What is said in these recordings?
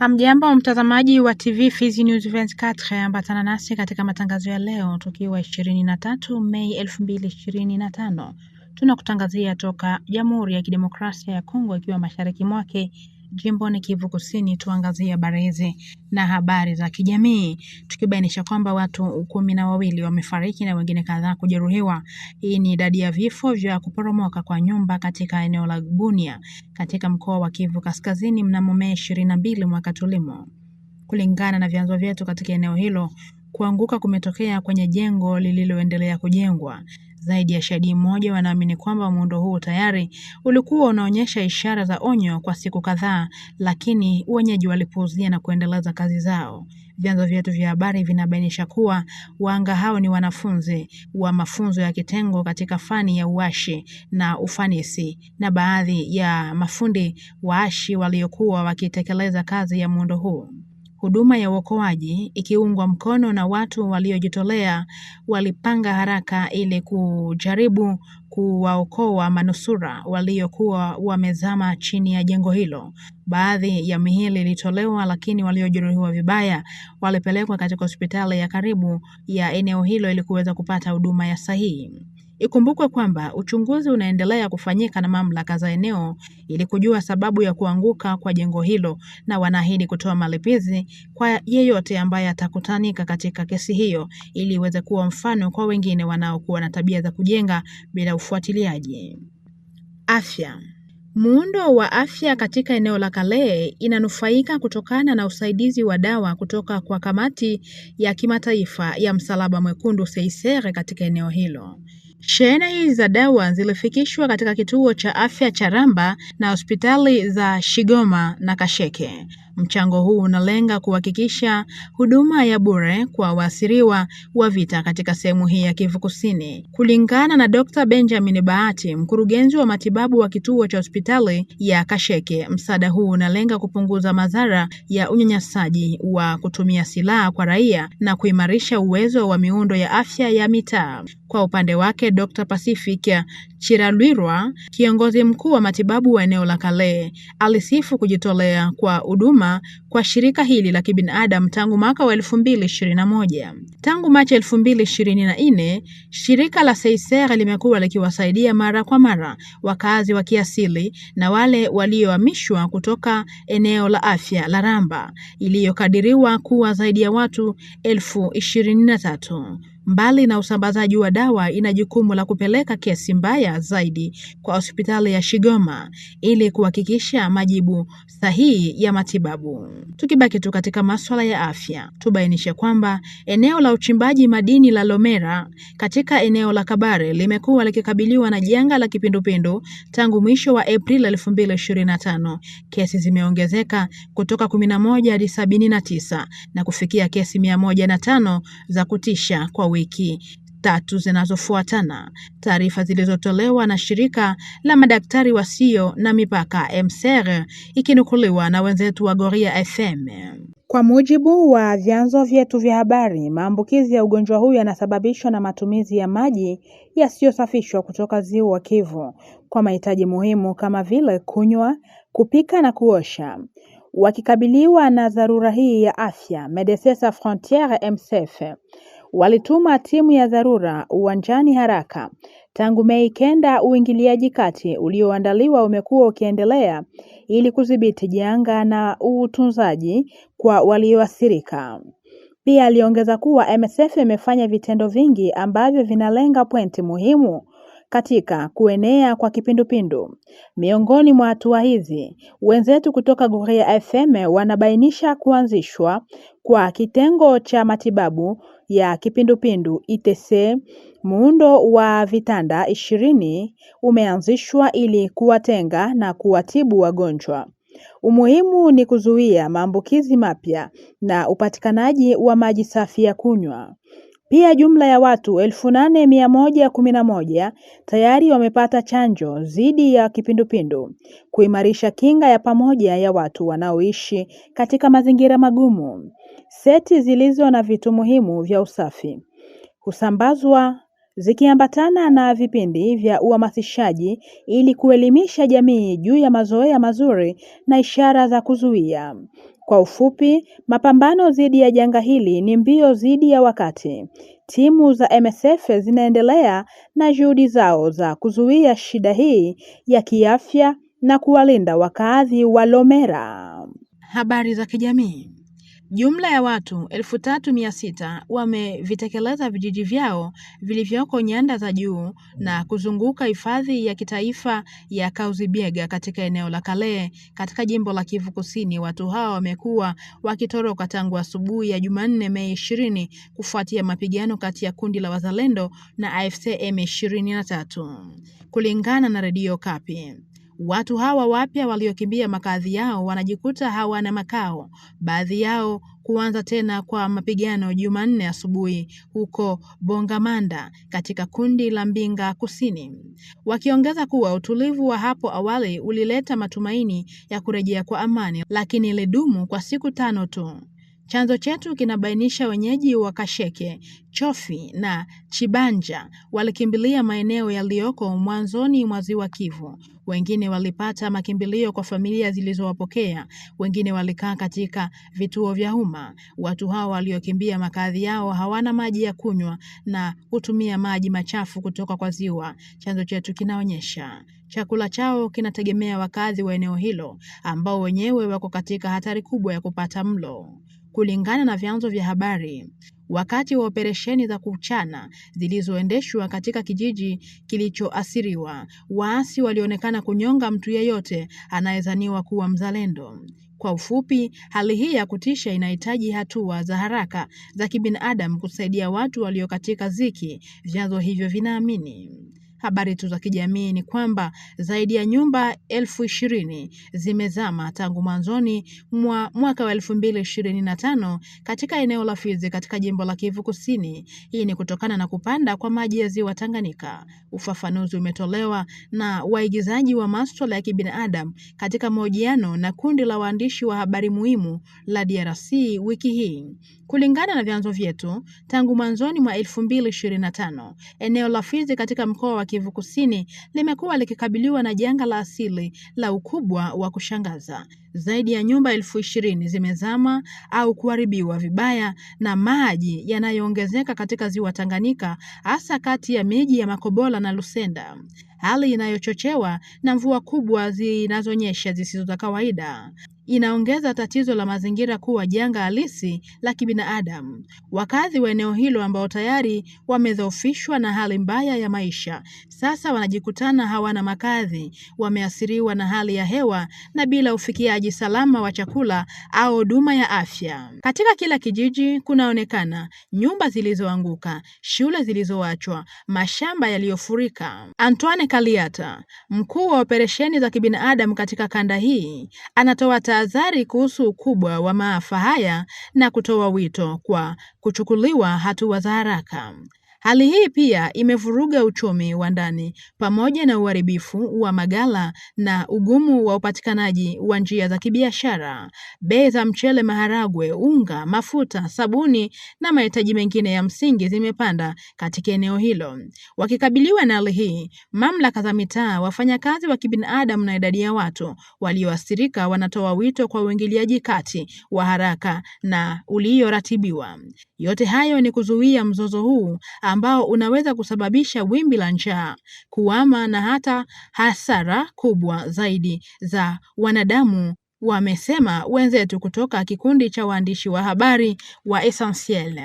Hamjambo mtazamaji wa TV Fizi News 24, ambatana nasi katika matangazo ya leo tukiwa 23 Mei 2025. Tunakutangazia toka Jamhuri ya Kidemokrasia ya Kongo ikiwa mashariki mwake jimboni Kivu Kusini, tuangazie habari hizi na habari za kijamii, tukibainisha kwamba watu kumi na wawili wamefariki na wengine kadhaa kujeruhiwa. Hii ni idadi ya vifo vya kuporomoka kwa nyumba katika eneo la Bunia katika mkoa wa Kivu Kaskazini mnamo Mei ishirini na mbili mwaka tulimo. Kulingana na vyanzo vyetu katika eneo hilo, kuanguka kumetokea kwenye jengo lililoendelea kujengwa zaidi ya shahidi mmoja wanaamini kwamba muundo huo tayari ulikuwa unaonyesha ishara za onyo kwa siku kadhaa, lakini wenyeji walipuuzia na kuendeleza kazi zao. Vyanzo vyetu vya habari vinabainisha kuwa wahanga hao ni wanafunzi wa mafunzo ya kitengo katika fani ya uashi na ufanisi na baadhi ya mafundi waashi waliokuwa wakitekeleza kazi ya muundo huu. Huduma ya uokoaji ikiungwa mkono na watu waliojitolea walipanga haraka ili kujaribu kuwaokoa manusura waliokuwa wamezama chini ya jengo hilo. Baadhi ya miili ilitolewa, lakini waliojeruhiwa vibaya walipelekwa katika hospitali ya karibu ya eneo hilo ili kuweza kupata huduma ya sahihi. Ikumbukwe kwamba uchunguzi unaendelea kufanyika na mamlaka za eneo ili kujua sababu ya kuanguka kwa jengo hilo na wanaahidi kutoa malipizi kwa yeyote ambaye atakutanika katika kesi hiyo ili iweze kuwa mfano kwa wengine wanaokuwa na tabia za kujenga bila ufuatiliaji. Afya. Muundo wa afya katika eneo la Kale inanufaika kutokana na usaidizi wa dawa kutoka kwa Kamati ya Kimataifa ya Msalaba Mwekundu seisere katika eneo hilo. Shehena hizi za dawa zilifikishwa katika kituo cha afya cha Ramba na hospitali za Shigoma na Kasheke. Mchango huu unalenga kuhakikisha huduma ya bure kwa waasiriwa wa vita katika sehemu hii ya Kivu Kusini. Kulingana na Dr. Benjamin Bahati, mkurugenzi wa matibabu wa kituo cha hospitali ya Kasheke, msaada huu unalenga kupunguza madhara ya unyanyasaji wa kutumia silaha kwa raia na kuimarisha uwezo wa miundo ya afya ya mitaa. Kwa upande wake, Dr. Pacific Chiralwirwa, kiongozi mkuu wa matibabu wa eneo la Kale, alisifu kujitolea kwa huduma kwa shirika hili la kibinadamu tangu mwaka wa 2021. Tangu Machi 2024, shirika la Seiser limekuwa likiwasaidia mara kwa mara wakazi wa kiasili na wale waliohamishwa kutoka eneo la afya la Ramba iliyokadiriwa kuwa zaidi ya watu elfu 23. Mbali na usambazaji wa dawa, ina jukumu la kupeleka kesi mbaya zaidi kwa hospitali ya Shigoma ili kuhakikisha majibu sahihi ya matibabu. Tukibaki tu katika masuala ya afya, tubainishe kwamba eneo la uchimbaji madini la Lomera katika eneo la Kabare limekuwa likikabiliwa na janga la kipindupindu tangu mwisho wa Aprili 2025. Kesi zimeongezeka kutoka 11 hadi 79 na kufikia kesi 105 za kutisha kwa wiki tatu zinazofuatana. Taarifa zilizotolewa na shirika la madaktari wasio na mipaka MSR ikinukuliwa na wenzetu wa Goria FM. Kwa mujibu wa vyanzo vyetu vya habari, maambukizi ya ugonjwa huu yanasababishwa na matumizi ya maji yasiyosafishwa kutoka Ziwa Kivu kwa mahitaji muhimu kama vile kunywa, kupika na kuosha. Wakikabiliwa na dharura hii ya afya, Medecins Sans Frontieres MSF walituma timu ya dharura uwanjani haraka. Tangu Mei kenda, uingiliaji kati ulioandaliwa umekuwa ukiendelea ili kudhibiti janga na utunzaji kwa walioathirika. Pia aliongeza kuwa MSF imefanya vitendo vingi ambavyo vinalenga pointi muhimu katika kuenea kwa kipindupindu. Miongoni mwa hatua hizi, wenzetu kutoka Guria FM wanabainisha kuanzishwa kwa kitengo cha matibabu ya kipindupindu ITC. Muundo wa vitanda ishirini umeanzishwa ili kuwatenga na kuwatibu wagonjwa. Umuhimu ni kuzuia maambukizi mapya na upatikanaji wa maji safi ya kunywa. Pia jumla ya watu elfu nane mia moja kumi na moja tayari wamepata chanjo dhidi ya kipindupindu kuimarisha kinga ya pamoja ya watu wanaoishi katika mazingira magumu. Seti zilizo na vitu muhimu vya usafi husambazwa zikiambatana na vipindi vya uhamasishaji ili kuelimisha jamii juu ya mazoea mazuri na ishara za kuzuia. Kwa ufupi, mapambano dhidi ya janga hili ni mbio dhidi ya wakati. Timu za MSF zinaendelea na juhudi zao za kuzuia shida hii ya kiafya na kuwalinda wakaazi wa Lomera. Habari za kijamii. Jumla ya watu 3600 wamevitekeleza vijiji vyao vilivyoko nyanda za juu na kuzunguka hifadhi ya kitaifa ya Kahuzi-Biega katika eneo la Kale katika jimbo la Kivu Kusini. Watu hao wamekuwa wakitoroka tangu asubuhi ya Jumanne, Mei 20 kufuatia mapigano kati ya kundi la Wazalendo na AFC M23 kulingana na redio Kapi. Watu hawa wapya waliokimbia makazi yao wanajikuta hawana makao, baadhi yao kuanza tena kwa mapigano Jumanne asubuhi huko Bongamanda katika kundi la Mbinga Kusini, wakiongeza kuwa utulivu wa hapo awali ulileta matumaini ya kurejea kwa amani, lakini ilidumu kwa siku tano tu. Chanzo chetu kinabainisha wenyeji wa Kasheke, Chofi na Chibanja walikimbilia maeneo yaliyoko mwanzoni mwa Ziwa Kivu. Wengine walipata makimbilio kwa familia zilizowapokea, wengine walikaa katika vituo vya umma. Watu hao waliokimbia makazi yao hawana maji ya kunywa na hutumia maji machafu kutoka kwa ziwa. Chanzo chetu kinaonyesha chakula chao kinategemea wakazi wa eneo hilo ambao wenyewe wako katika hatari kubwa ya kupata mlo. Kulingana na vyanzo vya habari, wakati wa operesheni za kuchana zilizoendeshwa katika kijiji kilichoathiriwa, waasi walionekana kunyonga mtu yeyote anayezaniwa kuwa mzalendo. Kwa ufupi, hali hii ya kutisha inahitaji hatua za haraka za kibinadamu kusaidia watu walio katika ziki, vyanzo hivyo vinaamini. Habari tu za kijamii ni kwamba zaidi ya nyumba elfu ishirini zimezama tangu mwanzoni mwa mwaka wa elfu mbili ishirini na tano katika eneo la Fizi katika jimbo la Kivu Kusini. Hii ni kutokana na kupanda kwa maji ya ziwa Tanganyika. Ufafanuzi umetolewa na waigizaji wa maswala ya kibinadamu katika mahojiano na kundi la waandishi wa habari muhimu la DRC wiki hii. Kulingana na vyanzo vyetu, tangu mwanzoni mwa 2025 eneo la Fizi katika mkoa wa Kivu Kusini limekuwa likikabiliwa na janga la asili la ukubwa wa kushangaza zaidi ya nyumba elfu ishirini zimezama au kuharibiwa vibaya na maji yanayoongezeka katika ziwa Tanganyika, hasa kati ya miji ya Makobola na Lusenda, hali inayochochewa na mvua kubwa zinazonyesha zisizo za kawaida. Inaongeza tatizo la mazingira kuwa janga halisi la kibinadamu. Wakazi wa eneo hilo ambao tayari wamedhoofishwa na hali mbaya ya maisha, sasa wanajikutana hawana makazi, wameathiriwa na hali ya hewa na bila ufikiaji upatikanaji salama wa chakula au huduma ya afya. Katika kila kijiji kunaonekana nyumba zilizoanguka, shule zilizoachwa, mashamba yaliyofurika. Antoine Kaliata, mkuu wa operesheni za kibinadamu katika kanda hii, anatoa tahadhari kuhusu ukubwa wa maafa haya na kutoa wito kwa kuchukuliwa hatua za haraka. Hali hii pia imevuruga uchumi wa ndani pamoja na uharibifu wa magala na ugumu wa upatikanaji wa njia za kibiashara. Bei za mchele, maharagwe, unga, mafuta, sabuni na mahitaji mengine ya msingi zimepanda katika eneo hilo. Wakikabiliwa na hali hii, mamlaka za mitaa, wafanyakazi wa kibinadamu na idadi ya watu walioathirika wanatoa wito kwa uingiliaji kati wa haraka na ulioratibiwa. Yote hayo ni kuzuia mzozo huu ambao unaweza kusababisha wimbi la njaa, kuhama na hata hasara kubwa zaidi za wanadamu, wamesema wenzetu kutoka kikundi cha waandishi wa habari wa Essentiel.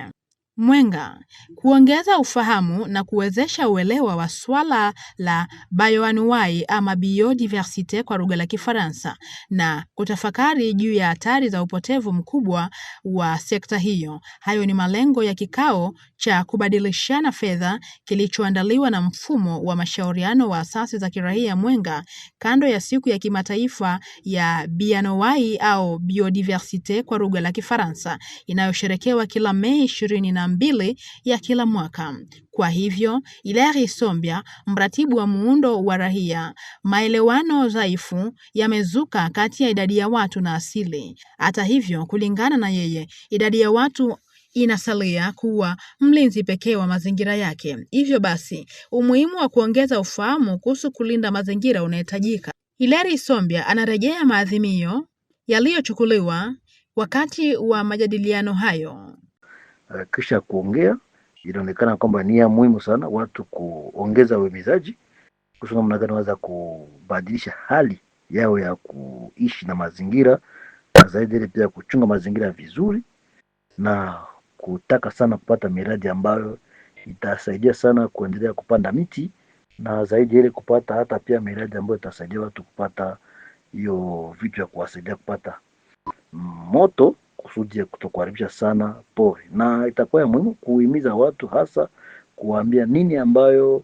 Mwenga, kuongeza ufahamu na kuwezesha uelewa wa swala la bayoanuwai ama biodiversite kwa lugha la Kifaransa na kutafakari juu ya hatari za upotevu mkubwa wa sekta hiyo. Hayo ni malengo ya kikao cha kubadilishana fedha kilichoandaliwa na mfumo wa mashauriano wa asasi za kiraia Mwenga kando ya siku ya kimataifa ya bayoanuwai au biodiversite kwa lugha la Kifaransa inayosherekewa kila Mei na mbili ya kila mwaka. Kwa hivyo, Hilary sombia mratibu wa muundo wa rahia maelewano dhaifu yamezuka kati ya idadi ya watu na asili. Hata hivyo, kulingana na yeye, idadi ya watu inasalia kuwa mlinzi pekee wa mazingira yake. Hivyo basi, umuhimu wa kuongeza ufahamu kuhusu kulinda mazingira unahitajika. Hilary Sombya anarejea maadhimio yaliyochukuliwa wakati wa majadiliano hayo uh, kisha kuongea. Inaonekana kwamba ni ya muhimu sana watu kuongeza uimizaji kuhusu namna gani wanaweza kubadilisha hali yao ya kuishi na mazingira, na zaidi ile pia kuchunga mazingira vizuri na kutaka sana kupata miradi ambayo itasaidia sana kuendelea kupanda miti na zaidi ile kupata hata pia miradi ambayo itasaidia watu kupata hiyo vitu ya kuwasaidia kupata moto kusudi ya kutokuharibisha sana pori, na itakuwa ya muhimu kuhimiza watu hasa kuwaambia nini ambayo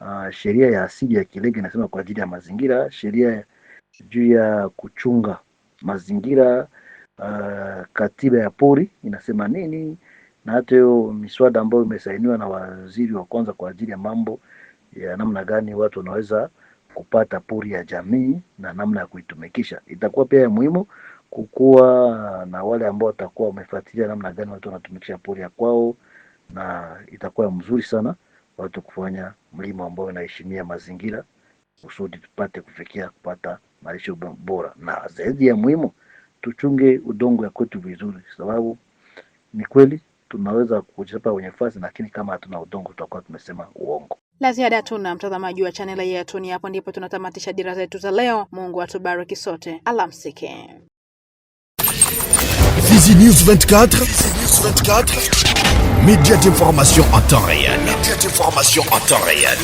uh, sheria ya asili ya Kirenge inasema kwa ajili ya mazingira, sheria juu ya kuchunga mazingira uh, katiba ya pori inasema nini, na hata hiyo miswada ambayo imesainiwa na waziri wa kwanza kwa ajili ya mambo ya namna gani watu wanaweza kupata pori ya jamii na namna ya kuitumikisha, itakuwa pia ya muhimu kukua na wale ambao watakuwa wamefuatilia namna gani watu wanatumikisha pori ya kwao, na itakuwa mzuri sana watu kufanya mlimo ambao unaheshimia mazingira kusudi tupate kufikia kupata malisho bora, na zaidi ya muhimu tuchunge udongo ya kwetu vizuri, sababu ni kweli tunaweza kuchapa kwenye fasi, lakini kama hatuna udongo tutakuwa tumesema uongo. La ziada hatuna, mtazamaji wa chaneli yetu. Ni hapo ndipo tunatamatisha dira zetu za leo. Mungu atubariki sote, alamsike Visi News 24. Média d'information en temps réel. Média d'information en temps réel.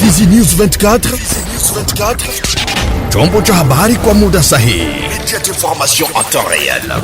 Fizi News 24. Fizi 24. Chombo cha Kwamuda Sahi. d'information en temps réel.